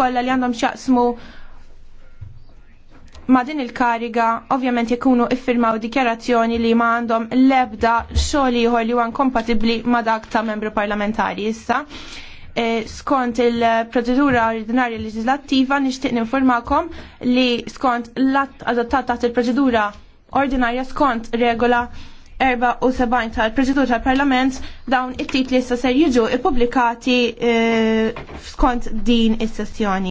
kollha li għandhom xaqsmu ma' din il-kariga ovvjament jekunu iffirmaw dikjarazzjoni li ma' għandhom l-ebda xogħol ieħor li huwa kompatibbli ma' dak ta' membru parlamentari issa. E, skont il-procedura ordinarja legislativa nixtieq ninformakom li skont l-att adottat taħt il-proċedura ordinarja skont regola 74 tal-Preġitur tal-Parlament dawn it-titli issa ser jiġu ippubblikati eh, skont din is-sessjoni.